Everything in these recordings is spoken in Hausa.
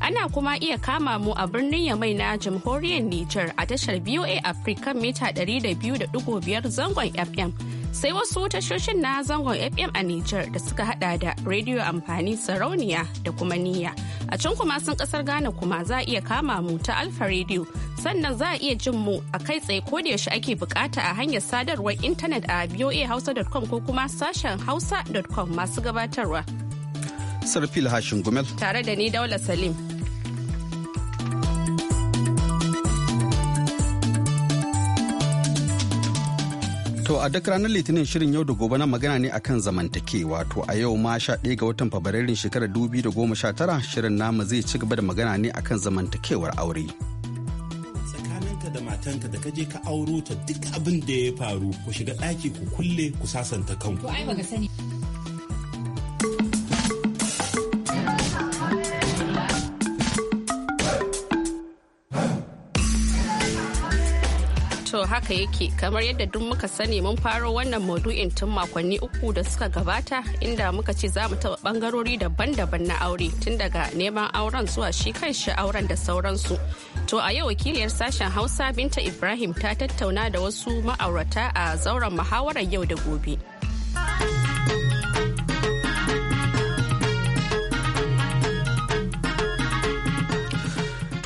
Ana kuma iya kama mu a birnin Yamai na jamhuriyar Nijar a tashar VOA Africa mita 200.5 zangon FM. Sai wasu tashoshin na zangon FM a Nijar da suka hada da rediyo amfani sarauniya da kuma niyya. A can kuma sun kasar Ghana kuma za a iya kama mu ta Alfa Radio sannan za a iya jin mu a kai tsaye ko da yaushe ake bukata a hanyar sadarwar intanet a voahausa.com ko kuma sashen hausa.com masu gabatarwa. Sarfil Hashin Gumel. Tare da ni Daula Salim. To a duk ranar Litinin shirin yau da gobe na magana ne akan zamantakewa to a yau ma sha ɗaya ga watan Fabrairun shekarar tara shirin namu zai ci gaba da magana ne akan zamantakewar aure. Tsakaninka da matanka da kaje ka auro ta duk abin da ya faru ku shiga ɗaki ku kulle ku sasanta kanku. haka yake kamar yadda duk muka sani mun faro wannan maudu'in tun makonni uku da suka gabata inda muka ce za mu taɓa ɓangarori daban-daban na aure tun daga neman auren zuwa shi kan shi auren da sauransu. To a yau wakiliyar sashen Hausa Binta Ibrahim ta tattauna da wasu ma'aurata a zauren muhawarar yau da gobe.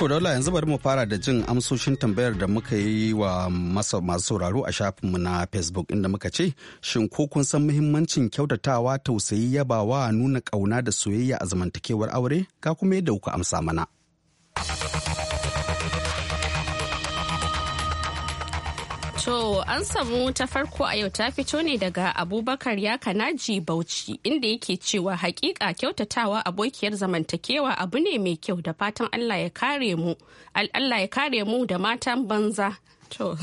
to daula yanzu bari mu fara da jin amsoshin tambayar da muka yi wa masu sauraro a shafinmu na facebook inda muka ce shin ko kun san muhimmancin kyautatawa tausayi yabawa nuna kauna da soyayya a zamantakewar aure ka kuma yadda kuka amsa mana. To an samu ta farko a yau ta fito ne daga Abubakar ya kanaji Bauchi inda yake cewa hakika kyautatawa abokiyar zamantakewa abu ne mai kyau da fatan Allah ya kare mu. Allah ya kare mu da matan banza To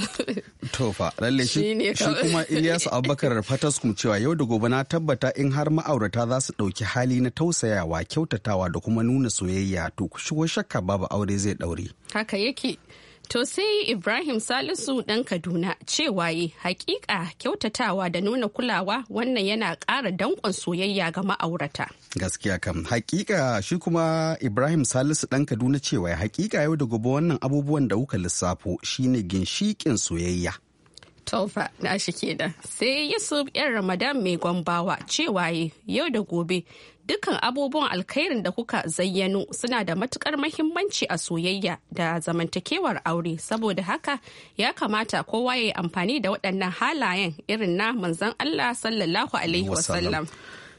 fa lalle shi kuma Ilyasu Abubakar Fataskum cewa yau da gobe na tabbata in har ma'aurata za su ɗauki hali na tausayawa kyautatawa da kuma nuna soyayya to shigo shakka babu aure zai ɗaure. Haka yake. To sai Ibrahim Salisu ɗan Kaduna cewa yi hakika kyautatawa da nuna kulawa wannan yana ƙara danƙon soyayya ga ma'aurata. Gaskiya kam hakika shi kuma Ibrahim Salisu ɗan Kaduna cewa hakika yau da gobe wannan abubuwan da kuka lissafo shine ginshiƙin soyayya. Tofa na shi kenan sai Yusuf yan Ramadan mai gwambawa cewa yau da gobe dukkan abubuwan alkhairin da kuka zayyano suna da matukar mahimmanci a soyayya da zamantakewar aure saboda haka ya kamata kowa ya yi amfani da waɗannan halayen irin na manzan Allah sallallahu alaihi wasallam.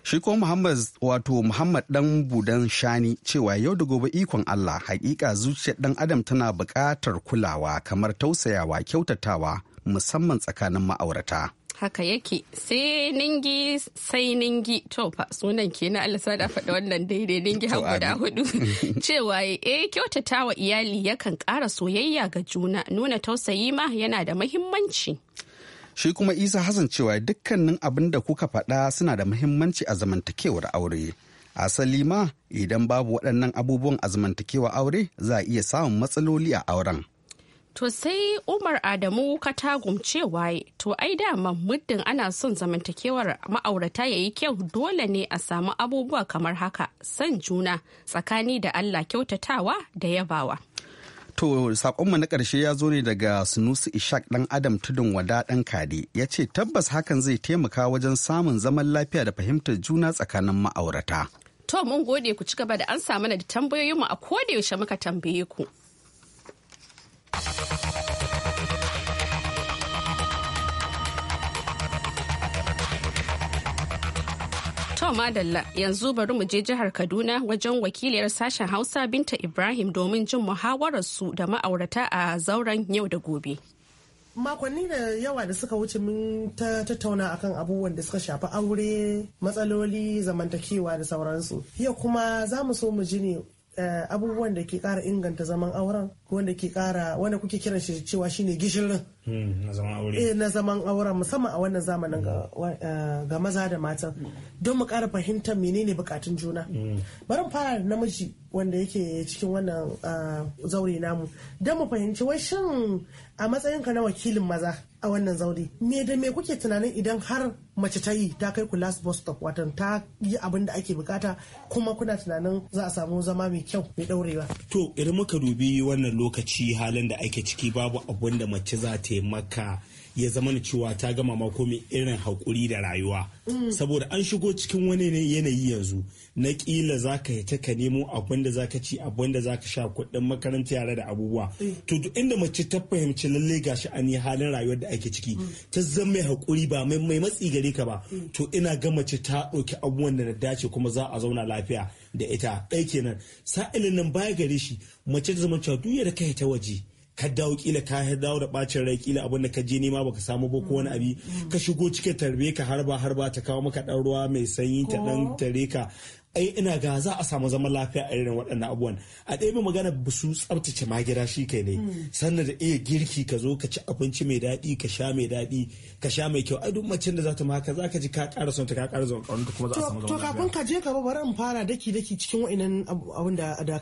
shi ko muhammad wato muhammad dan budan shani cewa yau da gobe ikon allah hakika zuciyar dan adam tana buƙatar kulawa kamar tausayawa kyautatawa musamman tsakanin ma'aurata. haka yake sai ningi sai ningi to fa sunan ke na Allah da faɗa wannan daidai ningi har guda hudu cewa eh kyautata wa iyali yakan ƙara soyayya ga juna nuna tausayi ma yana da muhimmanci shi kuma isa hasan cewa dukkanin abin da kuka faɗa suna da muhimmanci a zamantakewar aure asali ma idan babu waɗannan abubuwan a zamantakewar aure za a iya samun matsaloli a auren To sai Umar Adamu tagum cewa to ai dama muddin ana son zamantakewar ma'aurata ya yi kyau dole ne a samu abubuwa kamar haka son juna tsakani da Allah kyautatawa da yabawa. To sakonmu na ƙarshe ya zo ne daga Sunusi Ishak ɗan Adam Tudun Wada ɗan Kade ya ce tabbas hakan zai taimaka wajen samun zaman lafiya da fahimtar juna tsakanin ma'aurata. To mun gode ku ci gaba da an samu da tambayoyinmu a koda yaushe muka tambaye ku. To Madalla yanzu bari mu je jihar Kaduna wajen wakiliyar sashen Hausa Binta Ibrahim domin jin su da ma'aurata a zauren yau da gobe. makonni da yawa da suka wuce mun ta tattauna akan abubuwan da suka shafi aure matsaloli zamantakewa da sauransu yau kuma za mu so mu ji ne Eh, abubuwan da ke kara inganta zaman auren wanda ke ƙara wanda kuke kiran shi cewa shine gishirin Hmm, na zaman aure eh, auren musamman a wannan zamanin ga eh, maza da mata don mu kara fahimtar menene bukatun juna hmm. bari fara da namiji wanda yake cikin wannan eh, zaure namu don mu fahimci wai shin a matsayinka na wakilin maza a wannan zaure me da me kuke tunanin idan har mace ta yi ta kai ku last bus stop watan ta yi abin da ake bukata kuma kuna tunanin za a samu zama mai kyau mai daurewa to idan muka dubi wannan lokaci halin da ake ciki babu abin da mace za ta ta maka ya zama na cewa ta gama mako mai irin haƙuri da rayuwa saboda an shigo cikin wani yanayi yanzu na ƙila za ka ta ka nemo abin da za ka ci abin da za ka sha kuɗin makaranta yare da abubuwa eh. to duk inda mace ta fahimci lallai ga shi an yi halin rayuwar da ake ciki mm. ta zama mai haƙuri ba mai matsi gare ka ba mm. to ina ga mace ta ɗauki abubuwan da na dace kuma za a zauna lafiya da ita ɗaya kenan sa'ilin nan baya gare shi mace ta zama cewa duk da kai ta waje ka dawo kila ka dawo da bacin rai kila abin da ka je nema baka samu ba ko wani mm. abi ka shigo cikin tarbe ka harba harba ta kawo maka dan ruwa mai sanyi ta dan tare ka ai ina ga za a samu zaman lafiya a irin waɗannan abubuwan a ɗaya magana su tsabtace ma gida shi kai ne hmm. sannan da iya girki ka zo ka ci abinci mai daɗi ka sha mai daɗi ka sha mai kyau ai duk macen da za ta maka za ka ji ka ƙara son ta ka ƙara zon ƙaunar kuma za a samu zaman lafiya to kafin ka je gaba bari in fara daki daki cikin wa'annan abin da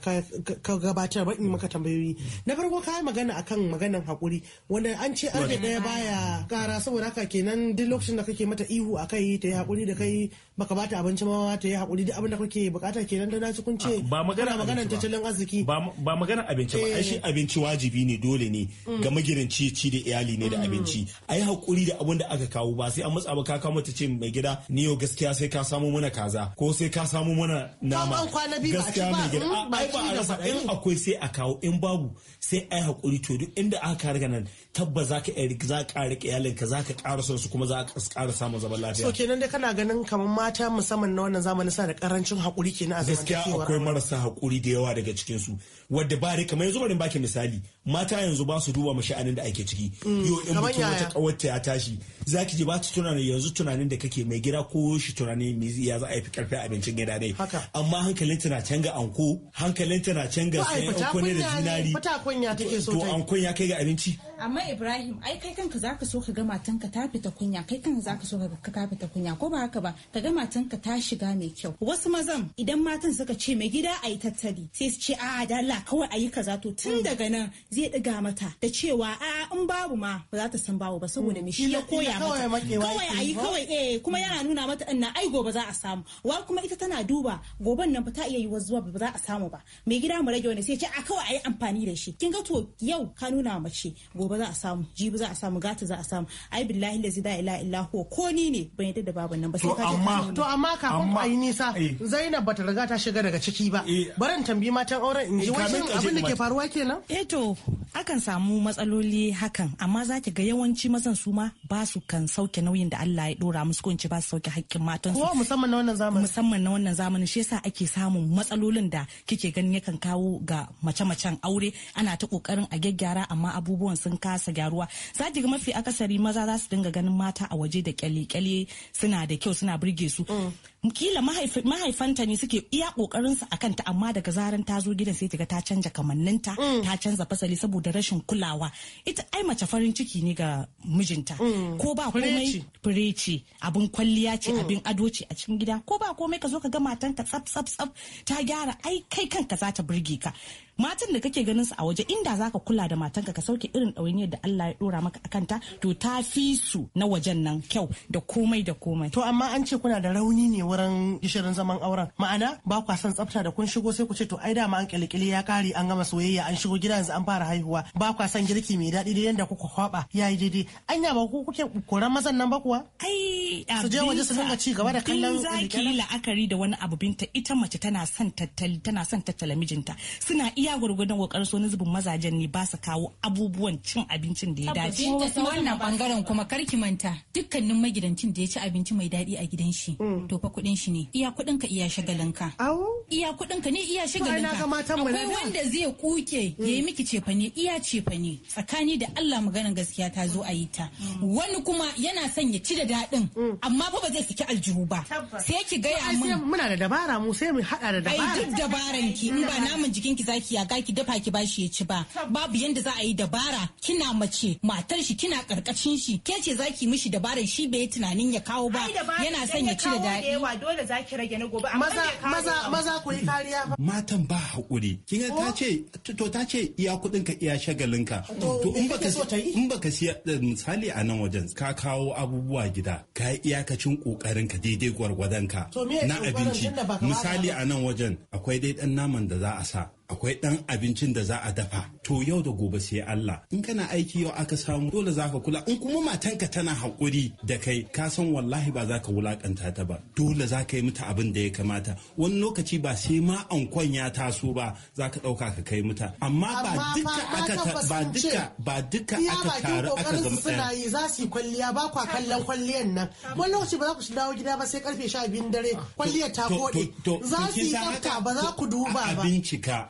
ka gabatar ba in maka tambayoyi na farko ka yi magana akan maganan hakuri wanda an ce da ɗaya baya ƙara saboda haka kenan duk lokacin da kake mata ihu a kai ta yi hakuri da kai baka bata abinci ma ta yi hakuri duk abin da kuke bukata kenan da naci kun ce ba magana magana tattalin arziki ba magana abinci ba ai shi eh. abinci wajibi ne dole ne mm. ga magidanci ci da iyali ne da mm. abinci ai hakuri da abin da aka kawo ba sai an matsa ba ka kawo mata ce mai gida ni yau gaskiya sai ka samu mana kaza ko sai ka samu mana nama gaskiya mai gida mm, ai ba a rasa in akwai sai a kawo in babu sai ai hakuri to duk inda aka riga nan tabbas za ka za ka rike iyalinka za ka ƙara son su kuma za ka ƙara samun zaman lafiya. So kenan dai kana ganin kamar mata musamman na wannan zamani suna da karancin haƙuri kenan a zamantakewar. Gaskiya akwai marasa haƙuri da yawa daga cikin su wadda ba kamar yanzu bari baki misali mata yanzu ba su duba masha'anin da ake ciki mm, yau in mutum wata kawarta ya tashi za ki ji ba ta tunanin yanzu tunanin da kake mai gida ko shi tunanin mai ya za a yi karfi abincin gida dai amma hankalin tana canga anko hankalin tana canga sai anko ne da zinari to an kunya kai ga abinci amma ibrahim ai kai kanka za ka so ka ga ka ta fita kunya kai kanka za ka so ka ka fita kunya ko ba haka ba ka ga ka ta shiga mai kyau wasu mazan idan matan suka ce mai gida a yi tattali sai su ce a Allah kawai a yi kaza to tun daga nan zai ɗiga mata da cewa a in babu ma ba za ta san babu ba saboda me shi ya mm. koya mata kawai ayi kawai eh kuma yana nuna mata ina ai gobe za a samu wa kuma ita tana duba goben nan ba ta iya yi zuwa ba za a samu ba mai gida mu rage wani sai ce a kawai a yi amfani da shi kin ga to yau ka nuna mace gobe za a samu jibi za a samu gata za a samu ai billahi la zida ila ko ni ne ban yadda da babu nan ba sai ka amma to amma kafin yi nisa eh. Zainab bata riga ta shiga daga ciki ba eh. barin tambayi matan auren in ji eh, wani abin da ke faruwa kenan eh to akan samu matsaloli hakan amma za ki ga yawanci mazan su ma ba su kan sauke nauyin da Allah ya dora musu ko in ba su sauke haƙƙin matan su. musamman na wannan zamanin. Musamman na wannan zamanin shi yasa ake samun matsalolin da kike ganin yakan kawo ga mace-macen aure ana ta kokarin a gyaggyara amma abubuwan sun kasa gyaruwa. Za ki ga mafi akasari maza za su dinga ganin mata a waje da kyale-kyale suna da kyau suna burge su. Mm. kila mahaifanta ne suke iya kokarin su akan ta amma daga zaran ta zo gidan sai ta ga ta canja kamanninta mm. ta canza fasali saboda rashin kulawa ita ai mace farin ciki ne ga mijinta mm. ko ba komai fureci abin kwalliya ce mm. abin ado ce a cikin gida ko ba komai ka zo ka ga matanka tsaf tsaf tsaf ta gyara ai kai kanka za ta burge ka matan da kake ganin su a waje inda zaka kula da matan ka Ka sauke irin ɗawainiyar da Allah ya dora maka akanta to ta fi su na wajen nan kyau da komai da komai to amma an ce kuna da rauni ne wurin gishirin zaman auren ma'ana ba kwa son tsafta da kun shigo sai ku ce to ai dama an kyalkyale ya kare an gama soyayya an shigo gidan yanzu an fara haihuwa ba kwa son girki mai daɗi da yanda kuka kwaba yayi daidai anya ba ku kuke koran mazan nan ba kuwa ai su je waje su dinga ci gaba da kallon zaki la'akari da wani abu binta ita mace tana son tattali tana son tattala mijinta suna iya iya gwargwadon kokarin so na zubin mazajen ne ba su kawo abubuwan cin abincin da ya dace wannan bangaren kuma karki manta dukkanin magidancin da ya ci abinci mai daɗi a gidan shi mm. to fa kuɗin shi ne iya kuɗin ka iya shagalin ka iya kuɗin ka ne iya shagalin ka akwai wanda zai kuke mm. ya yi miki cefane iya ne tsakani da Allah maganar gaskiya ta zo a yi ta mm. wani kuma yana son ya ci da daɗin amma fa ba zai saki aljihu ba sai ki gaya mun muna da dabara mu sai mu haɗa da dabara ai duk dabaran ki in ba namun jikin ki zaki yaga ki dafa ki bashi ya ci ba babu yanda za a yi dabara kina mace matar shi kina karkashin shi ke ce zaki mishi dabarar shi bai tunanin ya kawo ba yana son ya ci da daɗi dole zaki rage na gobe maza maza maza ku yi kariya ba matan ba hakuri kin ta oh. ce to ta ce iya kudin ka iya shagalin ka oh, to in baka in baka siya eh, misali a nan wajen ka kawo abubuwa gida ka yi iyakacin kokarin ka daidai gwargwadon ka na abinci misali a nan wajen akwai dai dan naman da za a sa akwai ɗan abincin da za a dafa to yau da gobe sai Allah in kana aiki yau aka samu dole za ka kula in kuma matanka tana haƙuri da kai ka san wallahi ba za ka wulakanta ta ba dole za ka yi mata abin da ya kamata wani lokaci ba sai ma ankon ya taso ba za ka ɗauka ka kai mata amma ba duka aka ba duka ba duka aka taru aka zama suna yi za su yi kwalliya ba kwa kallon kwalliyan nan wani lokaci ba za ku dawo gida ba sai karfe sha biyun dare kwalliyar ta kode za su yi tsafta ba za ku duba ba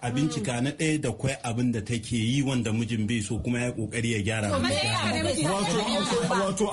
a a bincika na ɗaya da kwai abin da take yi wanda mijin bai so kuma ya kokari ya gyara wato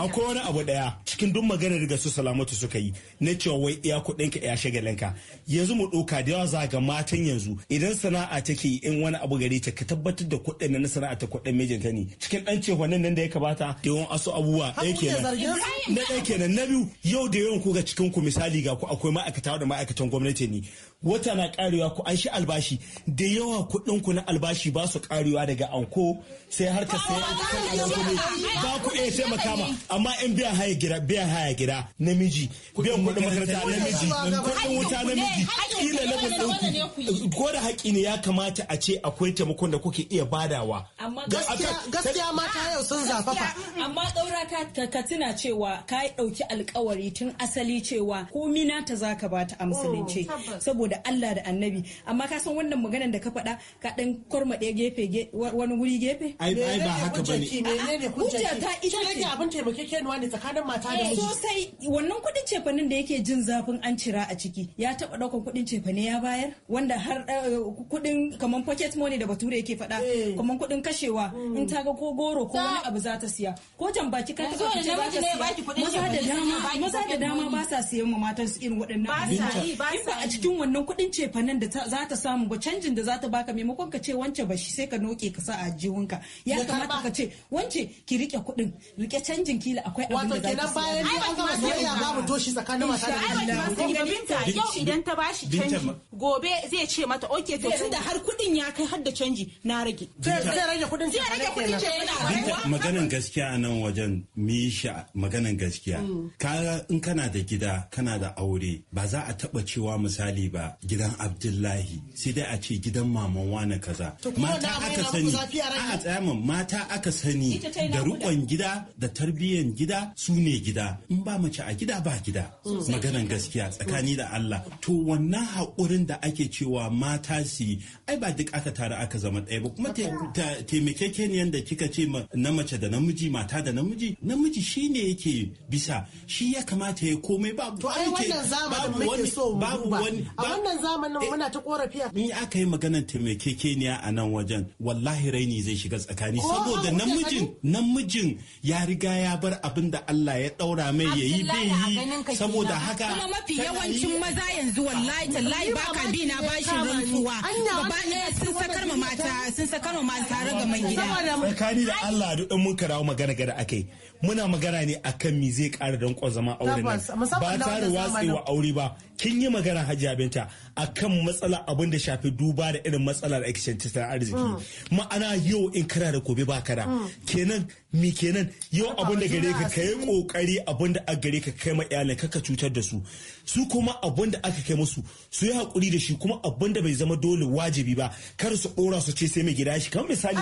akwai wani abu daya cikin duk maganar da su salamatu suka yi na cewa wai iya kudinka iya shagalinka yanzu mu doka da yawa za matan yanzu idan sana'a take in wani abu gare ta ka tabbatar da kuɗin na sana'a ta kuɗin ta ne cikin dan ce wannan nan da ya kamata yawan asu abubuwa ɗaya kenan na ɗaya kenan na biyu yau da yawan ku ga cikin ku misali ga ku akwai ma'aikata da ma'aikatan gwamnati ne wata na karewa ku an shi albashi da yawa kuɗin ku na albashi ba su karewa daga anko sai har ka sai ba ku iya sai makama amma in biyan haya gida biyan haya gida namiji biyan kuɗin makaranta namiji kuɗin wuta namiji kila labin ku ko da haƙi ne ya kamata a ce akwai taimakon da kuke iya badawa gaskiya mata yau sun zafafa amma ɗaura ka tuna cewa ka ɗauki alkawari tun asali cewa ko mina ta zaka ba ta amsalin oh, ce saboda saboda Allah da annabi amma ka san wannan maganar da ka faɗa ka dan kormade gefe wani wuri gefe ai ai ba haka bane hujja ta ita ce abin taimakekeniwa ne tsakanin mata da eh, miji sosai wannan kudin cefanin da yake jin zafin an cira a ciki ya taba daukan kudin cefane ya bayar wanda har eh, kudin kaman pocket money da bature yake faɗa eh. kaman kudin kashewa mm. in ta ga ko goro ko wani abu za ta siya ko jan baki ka taba ce za ta siya maza da dama maza da dama ba sa siyan ma matan su irin waɗannan ba ba a cikin wannan wannan kudin cefanen da za ta samu ba canjin da za ta baka maimakon ka ce wance ba shi sai ka noke ka sa a jiwonka ya kamata ka ce wance ki rike kudin rike canjin kila akwai abin da za ta bayan ne an gama soyayya za mu toshi tsakanin mata da binta yau idan ta bashi canji gobe zai ce mata oke to tunda har kudin ya kai har da canji na rage zai rage kudin zai rage kudin ce maganan gaskiya nan wajen misha maganan gaskiya mm. ka in kana da gida kana da aure ba za a taba cewa misali ba gidan abdullahi sai dai a ce gidan maman wane kaza mata aka sani a mata aka sani da rukon gida da tarbiyyan gida su ne gida in ba mace a gida ba gida maganan gaskiya tsakani da Allah to wannan haƙurin da ake cewa mata su yi ai ba duk aka tare aka zama ɗaya ba kuma taimakekeniyan da kika ce na mace da namiji mata da namiji namiji shine yake bisa shi ya kamata ya komai babu wani babu wani wannan zamanin muna ta korafiya. In aka yi maganar taimakekeniya a nan wajen wallahi raini zai shiga tsakani saboda namijin namijin ya riga ya bar abin da Allah ya daura mai ya yi bai yi saboda haka. Kuma mafi yawancin maza yanzu wallahi tallahi ba ka bi na bashin rantsuwa. Gaba ɗaya sun sakar ma mata sun sakar ma mata raga mai gida. Tsakani da Allah duk mun karawo magana gada akai. Muna magana ne akan me zai ƙara danƙon zama auren nan. Ba tare watsewa aure ba kin yi magana hajiya binta kan matsala abin da shafi duba da irin matsalar ake tattalin arziki mm. ma'ana yau in kana da gobe ba kara mm. kenan mi kenan yau abinda da gare ka kai kokari abinda a gare ka kai ma iyalai kaka cutar da su su kuma abinda aka kai musu su yi hakuri da shi kuma abinda bai zama dole wajibi ba kar su dora su ce sai mai gida shi kamar misali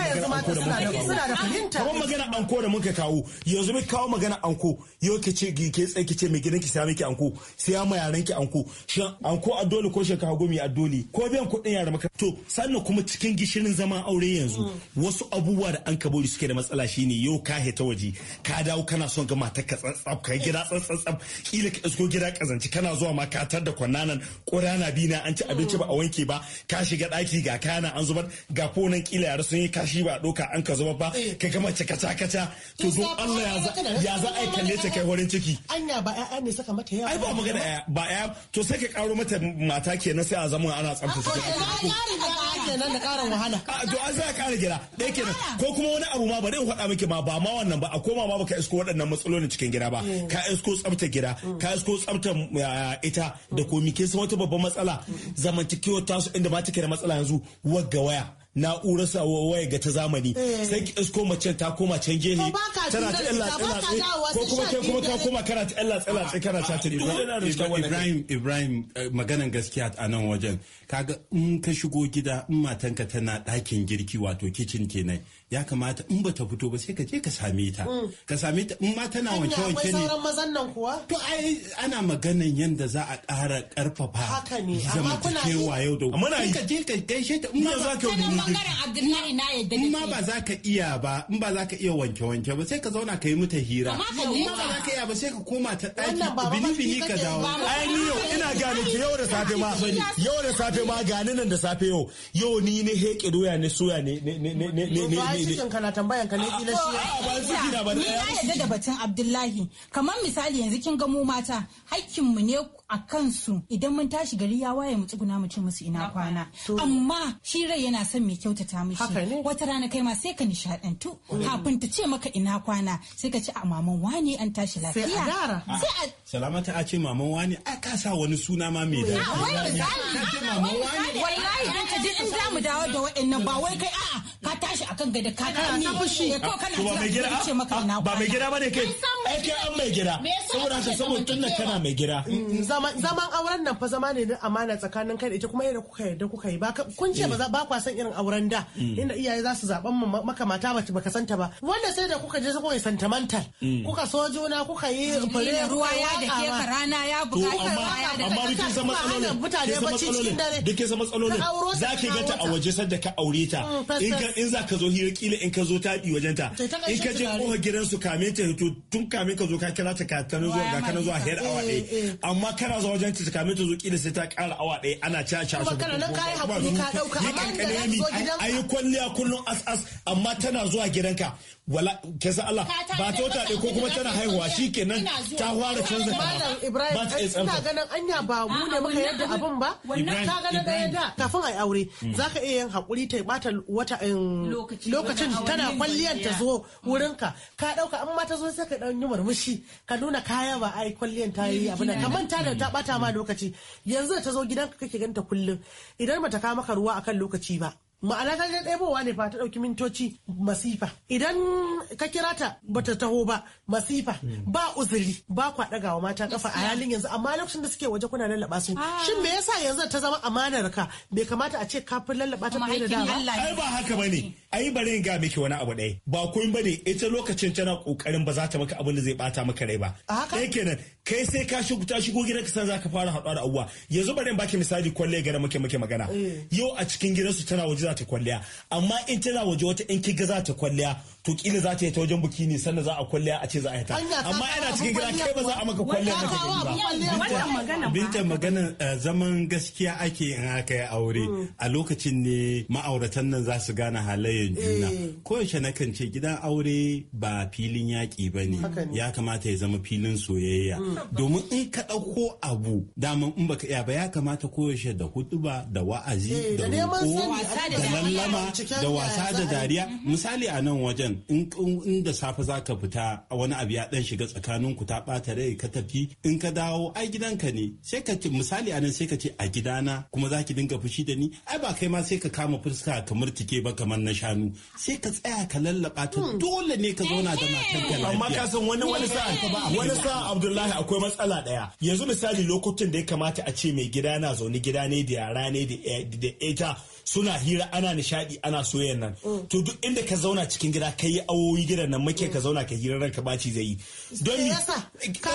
magana anko da muka kawo kamar magana anko da muka kawo yanzu mai kawo magana anko yau ke ce ke tsaye ce mai gidan ki sai ki anko sai ma yaran ki anko shin anko a dole ko shekara gomi a dole ko biyan kuɗin yara maka to sannan kuma cikin gishirin zaman aure yanzu mm. wasu abubuwa da an kabori suke da matsala shine yau zo ka heta waje ka dawo kana son ga matar ka tsatsaf kai gida tsatsatsaf kila ka isko gida kazanci kana zuwa ma ka tar da kwannanan ƙorana bi na an ci abinci ba a wanke ba ka shiga daki ga kana an zubar ga fonan kila yara sun yi kashi ba doka an ka zubar ba eh. ka gama kaca kaca to don Allah ya za za ai kalle ta kai horin ciki anya ba ƴaƴa ne saka mata yawa ai ba magana ba ƴaƴa to sai ka karo mata mata kenan sai a zama ana tsamta su kenan da karin wahala to an sai kara gida Dai kenan ko kuma wani abu ma bari in faɗa miki ma ba ma wannan ba a koma ma baka isko waɗannan matsalolin cikin gida ba mm. ka isko tsaftar gida ka isko tsaftar ita da komi ke san wata babban matsala zamantakewa tasu inda ma take da matsala yanzu wagga waya na'urar sa waya ga ta zamani eh. sai ki isko mace ta koma can gehe tana ta illa illa ko kuma ke kuma ka koma kana ta illa illa kana ta ta Ibrahim Ibrahim eh, maganan gaskiya a nan wajen kaga in ka shigo gida in matanka tana ɗakin girki wato kicin kenan ya kamata in ta fito ba sai ka je ka same ta ka same ta in ma tana wanke wanke ne sauran mazan nan kuwa to ai ana maganan yanda za a ƙara ƙarfafa haka ne amma kuna yau da muna yi ka je ka gaishe ta in ma za ka in ma ba za ka iya ba in ba za ka iya wanke wanke ba sai ka zauna ka yi mata hira in ma ba za ka iya ba sai ka koma ta ɗaki bini bini ka dawo ai ni yau ina gane ki yau da safe ma yau da safe ma gani nan da safe yau yau ni ne heke doya ne soya ne ne ne ne ai cikin kana tambayan ka ne kila shi ni na yadda da batun Abdullahi kamar misali yanzu kin ga mu mata hakkin mu ne a kansu idan mun tashi gari ya waye mu tsuguna mu ce musu ina kwana amma shi rai yana son mai kyautata mishi wata rana kai ma sai ka nishadantu kafin ta ce maka ina kwana sai ka ce a maman wani an tashi lafiya sai a ah, salamata a ce maman wani a ka sa wani suna ma mai ah, daɗi wallahi dan ka duk in za mu dawo da wa'annan ba wai kai a'a ka tashi akan gada ka ga ni eh, ko kana ba mai gida ba mai gida bane kai ai kai an mai gida saboda haka saboda da kana mai gida mm, mm, zaman auren nan fa zama ne na amana tsakanin kai da ita kuma yadda kuka yadda kuka yi ba kun ce ba ba kwa san irin auren da mm. inda iyaye za su zaben maka mata ba baka santa ba wanda sai da kuka je kuka yi santamantal kuka so juna kuka yi fure ruwa ya da ke rana ya bukata ya da amma kin san matsalolin mutane bacci cikin dare duk kin san matsalolin zaki ga ta a waje sadda ka aure ta in ka in za ka zo hira kila in ka zo taɗi wajen ta in ka je kofa su kame ta hito tun kamin ka zo ka kira ta ka ta zo ga kana zuwa hira awa ɗaya eh, eh. amma kana zuwa wajen ta kame ta zo kila sai ta ƙara awa ɗaya ana ca ca su ba zuwa yi kankane ni a yi kwalliya kullum as as amma tana zuwa gidanka wala ke Allah ba ta tota wata ko kuma tana haihuwa shi kenan ta fara canza ta ba ta iya Ina ganin anya ba mu ne muka yadda abin ba. Ibrahim ta da yadda kafin a yi aure hmm. zaka iya yin hakuri ta bata wata lokacin tana kwalliyar ta zo hmm. wurinka ka ɗauka amma ta zo sai ka ɗan yi murmushi ka nuna kaya ba ai kwalliyar ta yi abin ka manta da ta bata ma hmm. lokaci yanzu ta zo gidanka kake ganta kullum idan ba ta kawo maka ruwa akan lokaci ba. ma'ana ta ɗaya ne fa ta ɗauki mintoci masifa idan ka kira ta bata taho ba masifa hmm. ba uzuri ba kwa wa mata kafa a halin yanzu amma lokacin da suke waje kuna lallaba su ah. shin me yasa yanzu ta zama amanar ka bai kamata a ce kafin lallaba ta fiye da dama ai ba haka bane ai bari in ga miki wani abu ɗaya ba kun bane ita lokacin tana kokarin ba za ta maka abin da zai bata maka rai ba haka kenan kai sai ka shi ta shigo gidan ka san zaka fara haɗuwa da abuwa yanzu bari in baki misali kwalle gara muke muke magana eh. yau a cikin gidansu tana waje za ta kwalliya amma in tana waje wata in kiga za ta kwalliya to kila za ta yi ta wajen buki ne sannan za a kwalliya a ce za a yi ta amma ina cikin gida kai ba za a maka kwalliya da ta ba binta magana eh, zaman gaskiya ake in aka yi aure hmm. a lokacin ne ma'auratan nan za su gane halayen juna eh. koyaushe na kan ce gidan aure ba filin yaƙi ba ne ya kamata ya zama filin soyayya hmm. domin in ka ɗauko abu daman in baka iya ba ya kamata koyaushe da hutuba da wa'azi eh, da roƙo da lallama da wasa da dariya mhm. misali a nan wajen in da safe za ka fita wani abu ya ɗan shiga tsakanin ku ta ɓata rai ka tafi in ka dawo ai gidanka ne sai ka ce misali a nan sai ka ce a gidana kuma za ki dinga fushi da ni ai ba kai ma sai ka kama fuska kamar tike ba kamar na shanu sai ka tsaya ka lallaba ta hmm. dole ne ka zauna da matar ka lafiya amma ka san wani wani sa'a wani sa'a Abdullahi akwai matsala daya yanzu misali lokutan da ya kamata a ce mai gida na zaune gida ne da yara ne da ita suna hira ana nishadi ana soyayyan nan mm. to duk inda ka zauna cikin gida ka yi awowi gidan nan muke ka mm. zauna ka hira ranka baci zai yi don mi ba ka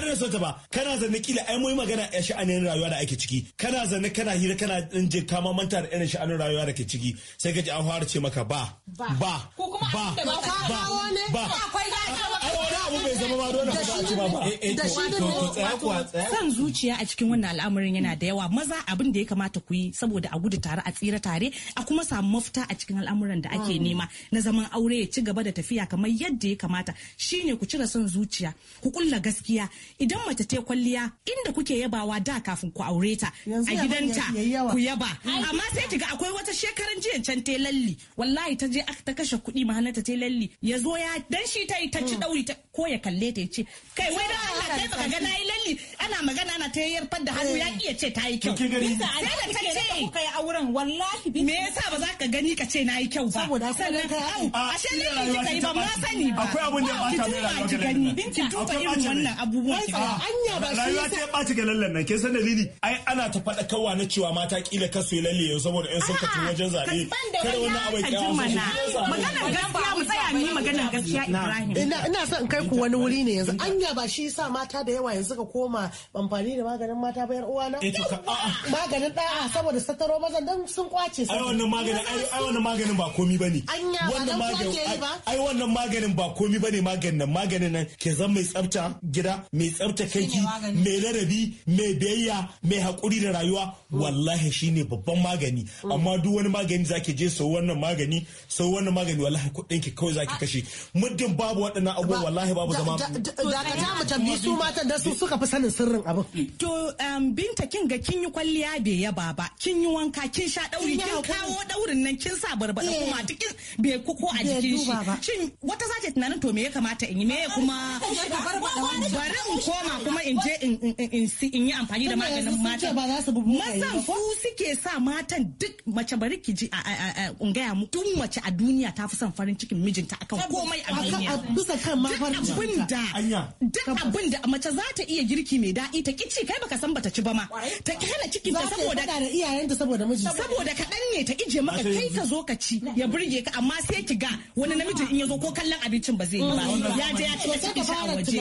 rana ta ba kana zanne kila ai mu magana ya sha'anin rayuwa da ake ciki kana zanne kana hira kana din jin kama manta da irin sha'anin rayuwa da ke ciki sai ka ji an fara ce maka ba ba ba ba ba a eh, eh, san zuciya a cikin wannan al'amarin yana da yawa maza abin da ya kamata ku yi saboda a gudu tare a tsira tare a kuma samu mafita a cikin al'amuran da ake nema na zaman aure ya ci gaba da tafiya kamar yadda ya kamata shine ku cire son zuciya ku kulla gaskiya idan mace ta kwalliya inda kuke yabawa da kafin ku aure ta a gidanta ku yaba amma sai kiga akwai wata shekaran jiya can te lalli wallahi ta je ta kashe kuɗi mahanata te lalli ya zo ya dan shi ta yi ta ci dauri mm. ko ya kalle ta ya ce kai wai da Allah kai baka ga nayi lalli ana magana ana ta yarfar da hannu ya eh. iya ce ta yi kyau sai da ta ce kuka yi auren wallahi me yasa ba za ka gani ka ce nayi kyau ba saboda sannan ka au ashe ne kai ba ma sani ba akwai abun da ba ta ne rayuwa gani binki duba irin wannan abubuwan ki anya ba shi rayuwa ta ta ga lallan nan kin san dalili ai ana ta faɗa kawa na cewa mata kila kasu yi lalle yau saboda in sun tun wajen zabe kada wannan abai ya kawo magana gaskiya mu tsaya ni magana gaskiya Ibrahim ina son kai wani wuri ne yanzu anya ba shi sa mata da yawa yanzu ka koma amfani da maganin mata bayar uwa na eh, maganin da'a saboda sataro mazan don sun kwace su ai wannan maganin ai wannan maganin ba komi bane wannan maganin ai wannan maganin ba komi bane maganin nan maganin nan ke zan mai tsafta gida mai tsafta kanki mai ladabi mai biyayya mai hakuri da rayuwa wallahi shine babban magani amma duk wani magani zaki je sau wannan magani sau wannan magani wallahi kudin ki kawai zaki kashe muddin babu waɗannan abubuwa wallahi babu zama dakata mu tambayi su matan da su suka fi sanin sirrin abin to um, binta kin ga kin yi kwalliya bai yaba ba kin yi wanka kin sha dauri kin kawo daurin nan kin sa barbada eh. kuma duk bai ko a jikin shi shin wata sace tunanin to me ya kamata in yi me kuma bari in koma kuma in je in in yi amfani da maganin matan mazan ku suke sa matan duk mace bari ki ji in gaya mu duk mace a duniya ta fi son farin cikin mijinta akan komai a duniya bisa kan ma farin abin da duk abin da mace za ta iya girki mai daɗi ta kici kai baka san bata ci ba ma ta hana cikin ta saboda da iyayenta saboda miji saboda kaɗan ne ta ije maka kai ka zo ka ci ya burge ka amma sai ki ga wani namiji in ya zo ko kallon abincin ba zai yi ba mm. ya je ya ci ka cikin a waje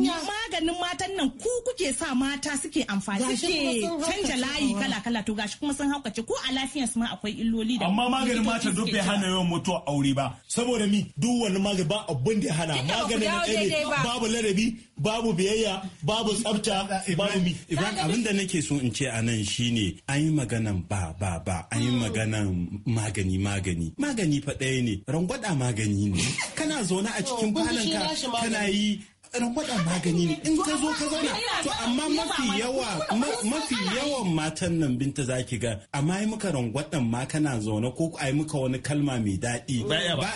maganin matan nan ku kuke sa mata suke amfani suke canja layi kala kala to gashi kuma sun haukace ko a lafiyar ma akwai illoli da amma maganin matan duk bai hana yawan mutuwa aure ba saboda mi duk wani magani ba abin da ya hana maganin babu ladabi babu biyayya babu tsabta. babu mi ibrahim abin da nake so in ce a nan shine an yi maganan ba ba ba an yi oh. maganan magani magani magani fa ɗaya ne rangwada magani ne kana zaune a cikin balanka kana yi rangwada magani ne in ka zo ka zana to amma mafi yawa mafi yawan matan nan binta za ki ga amma yi muka rangwadan ma kana zaune ko ai muka wani kalma mai daɗi ba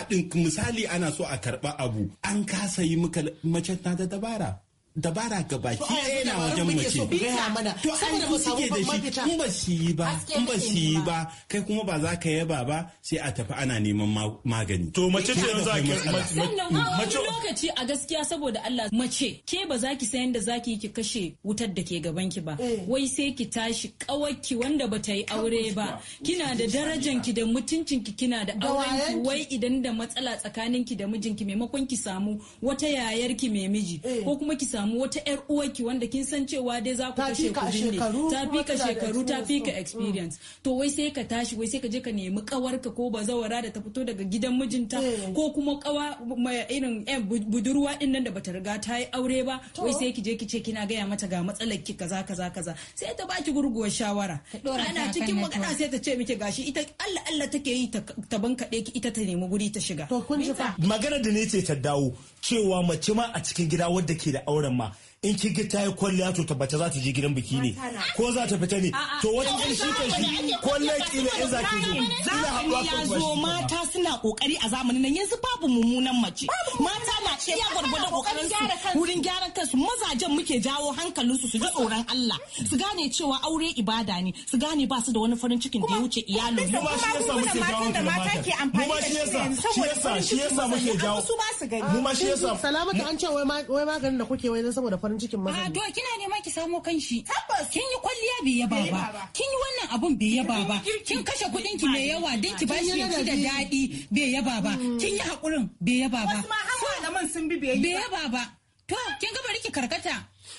misali ana so a karba abu an kasa yi muka mace ta da dabara dabara ga baki ɗaya na wajen mace to ai ku suke da shi kun ba shi yi ba ba shi yi ba kai kuma ba za ka yaba ba sai a tafi ana neman magani to mace ce yanzu ake mace lokaci a gaskiya saboda Allah mace ke ba za ki san da za ki ki kashe wutar da ke gaban ki ba eh. wai sai ki tashi kawakki wanda ba ta yi aure ba kina da darajan ki da mutuncin ki kina da auren ki wai idan da matsala tsakanin ki da mijinki maimakon ki samu wata yayar ki mai miji eh. ko kuma ki samu samu wata yar uwarki wanda kin san cewa dai za ku kashe kuɗi ne ta fi shekaru ta fi mm. experience to wai sai ka tashi wai sai ka je ka nemi kawarka ko bazawara da ta fito daga gidan mijinta eh. ko kuma kawa irin budurwa din nan da bata riga ta yi aure ba wai sai ki je ki ce kina gaya mata ga matsalar ki kaza kaza kaza sai ta baki gurguwar shawara ana cikin magana sai ta ce miki gashi ita Allah Allah take yi ta bankaɗe ki ita ta nemi guri ta shiga maganar da ne ce ta dawo cewa mace ma a cikin gida wadda ke da auren más. in ki ga tayi kwalliya to tabbata za ta je gidan biki ne ko za ta fita ne to wata kan shi kan shi kwallon kila in za ki je ina haɗuwa ba shi mata suna kokari a zamanin nan yanzu babu mummunan mace mata na iya gwargwadon kokarin su wurin gyaran kansu mazajen muke jawo hankalin su su ji tsoron Allah su gane cewa aure ibada ne su gane ba su da wani farin cikin da ya wuce iyalin mu ba shi yasa muke jawo da mata ke amfani da shi yasa shi yasa muke jawo mu ma shi yasa salamata an ce wai maganin da kuke wai saboda farin cikin mazan. to kina nema ki samo kanshi. Tabbas. Kin yi kwalliya bai yaba ba. Kin yi wannan abun bai yaba ba. Kin kashe kudin ki mai yawa dan ki bashi ya da daɗi bai yaba ba. Hmm. Kin yi hakurin bai yaba ba. Wasu ma har sun bi bai yaba ba. To kin ga bari ki karkata.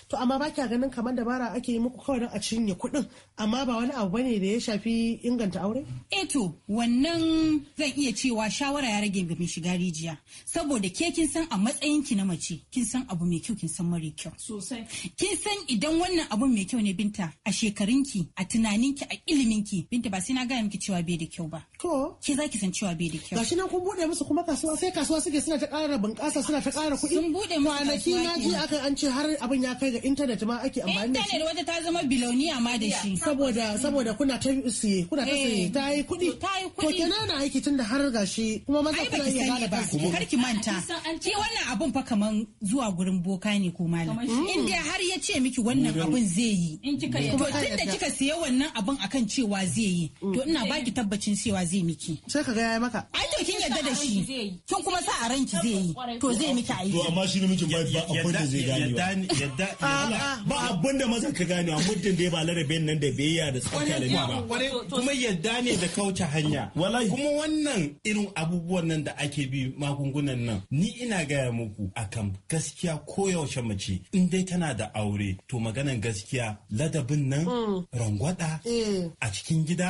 to amma ba kya ganin kamar dabara ake yi muku kawai don a cinye kuɗin amma ba wani abu bane da ya shafi inganta aure? eh to wannan zan iya cewa shawara ya rage ga mai shiga rijiya saboda ke kin san a matsayin ki na mace kin san abu mai kyau kin san mara kyau sosai kin san idan wannan abun mai kyau ne binta a shekarun ki a tunanin ki a ilimin ki binta ba sai na gaya miki cewa bai da kyau ba to ki za ki san cewa bai da kyau gashi nan kun bude musu kuma kasuwa sai kasuwa suke suna ta ƙara bunƙasa suna ta ƙara kuɗi sun bude musu kwanaki na ji akan an ce har abin ya kai daga intanet ma ake amfani da shi. Intanet wata ta zama biloniya ma da shi. Saboda saboda kuna ta siye kuna ta siye eh. ta yi kuɗi. Ta yi To kenan na aiki tun da har gashi kuma maza kuna iya gane ba. Kar ki manta. Ki wannan abun fa kaman zuwa gurin boka ne ko malam. In dai har ya ce miki wannan abun zai yi. to Tun da kika siye wannan abun akan cewa zai yi. To ina mm. baki tabbacin cewa zai miki. Sai ka ga yayi maka. Ai kin yadda da shi kin kuma sa a ranki zai yi to zai miki aiki to amma shi namijin ba abin da zai gane ba abin da maza ka gane muddin da ya ba larabe nan da yi da tsaka da ba kuma yadda ne da kauce hanya wallahi kuma wannan irin abubuwan nan da ake bi magungunan nan ni ina gaya muku akan gaskiya koyaushe mace in dai tana da aure to maganan gaskiya ladabin nan mm. rangwada eh. a cikin gida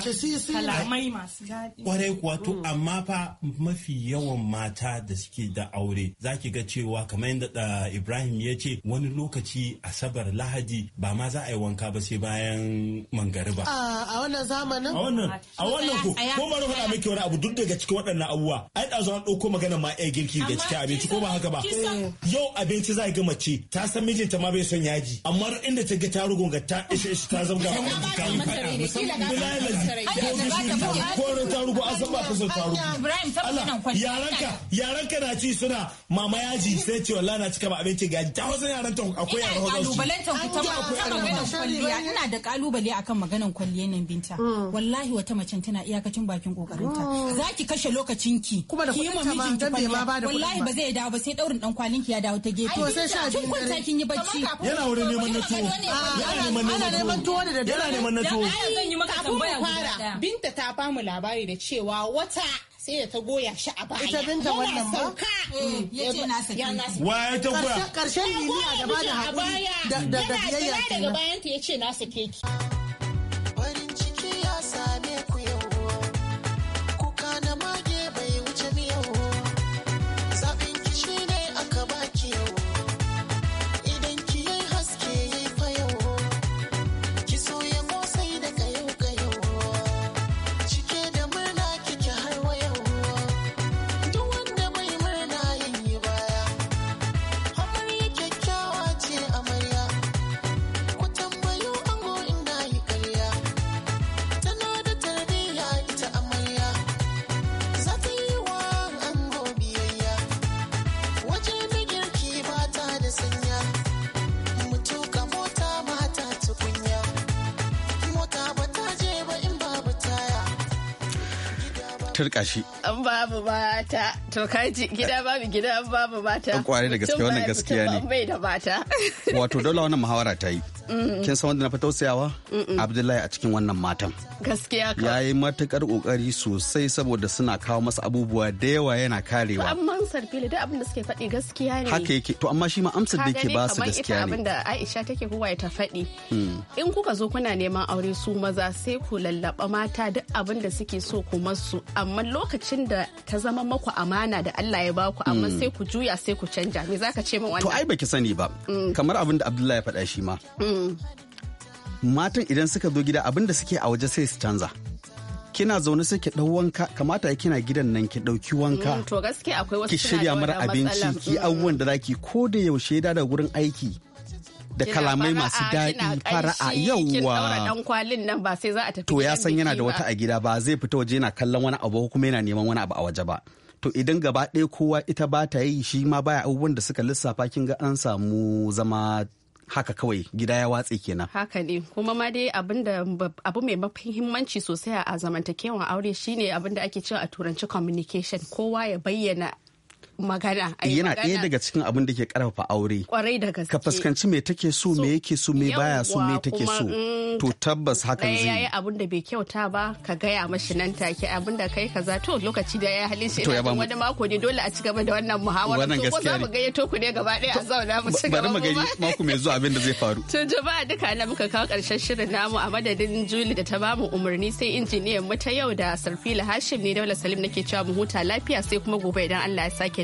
kalamai masu gadi kwarai kuwa to mm. amma fa mafi yawan mata da suke da aure za ki ga cewa kamar yadda Ibrahim ya ce wani lokaci asabar lahadi ba ma za a yi wanka ba sai bayan ba A wannan zamanin? A wannan a wannan ko ko ba faɗa miki wani abu duk daga cikin waɗannan abubuwa ai da zuwa ɗauko magana ma ɗaya girki da cikin abinci ko ba haka ba. Yau abinci za ga mace ta san mijinta ma bai son yaji amma inda ta ga ta ga ta ishe ta zama ga ta rugu asan ba ta son ta yaranka yaranka na ci suna mama yaji sai ce wallahi na cika ba abinci ga ta wasu yaran ta akwai yaran hausa su kalubalen ta ku ta maganan kwalliya ina da kalubale akan maganan kwalliya nan binta mm. wallahi wata macen tana iyakacin bakin ta mm. zaki kashe lokacin ki kuma da kuɗin ta ma dan bai ma ba da wallahi ba zai dawo ba sai daurin dan kwalin ki ya dawo ta gefe to sai sha kin kwanta kin yi bacci yana wurin neman na tuwo yana neman tuwo da dare yana neman na tuwo binta ta mu labari da cewa wata sai da ta goya shi a baya. Ita binta wannan ba? Mm, ya ce na saki. Wa ya ta goya? Karshen da ba da haƙuri da biyayya. Yana zira daga bayanta ya ce na sake ki. turka shi. An babu mata. To kaji gida babu gida an babu mata. An kware da gaskiya wannan gaskiya ne. Bai da mata. Wato dole wannan muhawara ta yi. Mm. Kin san wanda na fi tausayawa? Abdullahi a cikin wannan matan. gaskiya ka. yayi matukar kokari sosai saboda suna kawo masa abubuwa da yawa yana karewa amma amsar fili da abin da suke faɗi gaskiya ne haka yake to amma shi ma amsar da yake ba su gaskiya ne kamar abin da Aisha take ya ta faɗi hmm. in kuka zo kuna neman aure su maza sai ku lallaba mata duk abin da suke so ku masu amma lokacin da ta zama maku amana da Allah ya baku amma hmm. sai ku juya sai ku canja me zaka ce min wannan to ai baki sani ba hmm. kamar abinda da Abdullahi ya faɗa shi ma matan idan suka zo gida abin da suke a waje sai su canza kina zaune sai ki dau wanka kamata ya kina gidan nan ki dauki wanka mm, to gaske akwai wasu ki shirya mara abinci ki mm. abubuwan da zaki ko da yaushe da gurin aiki da kalamai masu daɗi fara'a yauwa yau wa. to ya san yana da wata a gida ba zai fita waje yana kallon wani abu kuma yana neman wani abu a waje ba to idan gaba ɗaya kowa ita ba ta yi shi ma baya abubuwan da suka lissafa kin ga an samu zama haka kawai gida ya watse kenan haka ne kuma ma dai abu mai mahimmanci sosai a zamantakewan aure shine abin da ake cewa a turanci communication kowa ya bayyana magana yana ɗaya daga cikin abin da ke karfafa aure kwarai da gaske ka fuskanci me take so me yake so me baya so me take so to tabbas hakan zai yayi abin da bai kyauta ba ka gaya mashi nan take abin da kai kaza to lokaci da ya halin shi wani mako ne dole a ci gaba da wannan muhawara to ko za mu gayyato ku ne gaba ɗaya a zauna mu ci gaba bari mu gani mako mai zuwa abin da zai faru to jama'a duka na muka kawo karshen shirin namu a madadin Julie da ta bamu umarni sai injiniyan mu ta yau da Sarfila Hashim ne Daula Salim nake cewa mu huta lafiya sai kuma gobe idan Allah ya sake